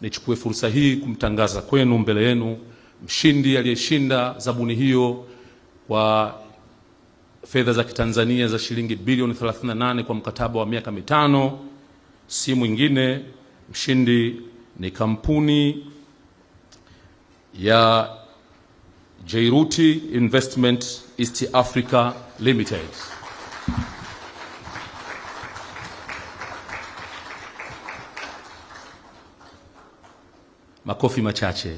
nichukue fursa hii kumtangaza kwenu mbele yenu mshindi aliyeshinda zabuni hiyo kwa fedha za Kitanzania za shilingi bilioni 38 kwa mkataba wa miaka mitano, si mwingine mshindi ni kampuni ya Jairuti Investment East Africa Limited. Makofi machache.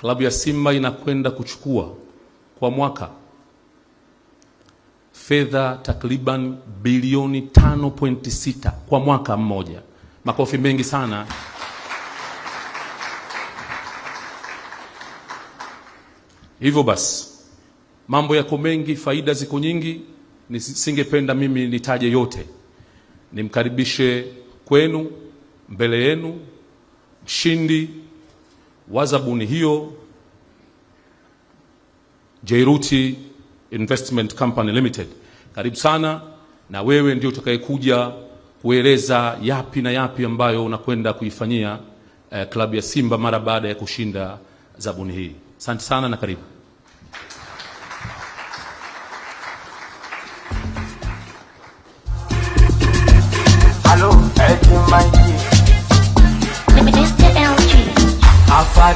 Klabu ya Simba inakwenda kuchukua kwa mwaka fedha takriban bilioni 5.6 kwa mwaka mmoja. Makofi mengi sana. Hivyo basi mambo yako mengi, faida ziko nyingi nisingependa mimi nitaje yote, nimkaribishe kwenu, mbele yenu mshindi wa zabuni hiyo Jairuti Investment Company Limited. Karibu sana, na wewe ndio utakayekuja kueleza yapi na yapi ambayo unakwenda kuifanyia eh, klabu ya Simba mara baada ya kushinda zabuni hii. Asante sana na karibu.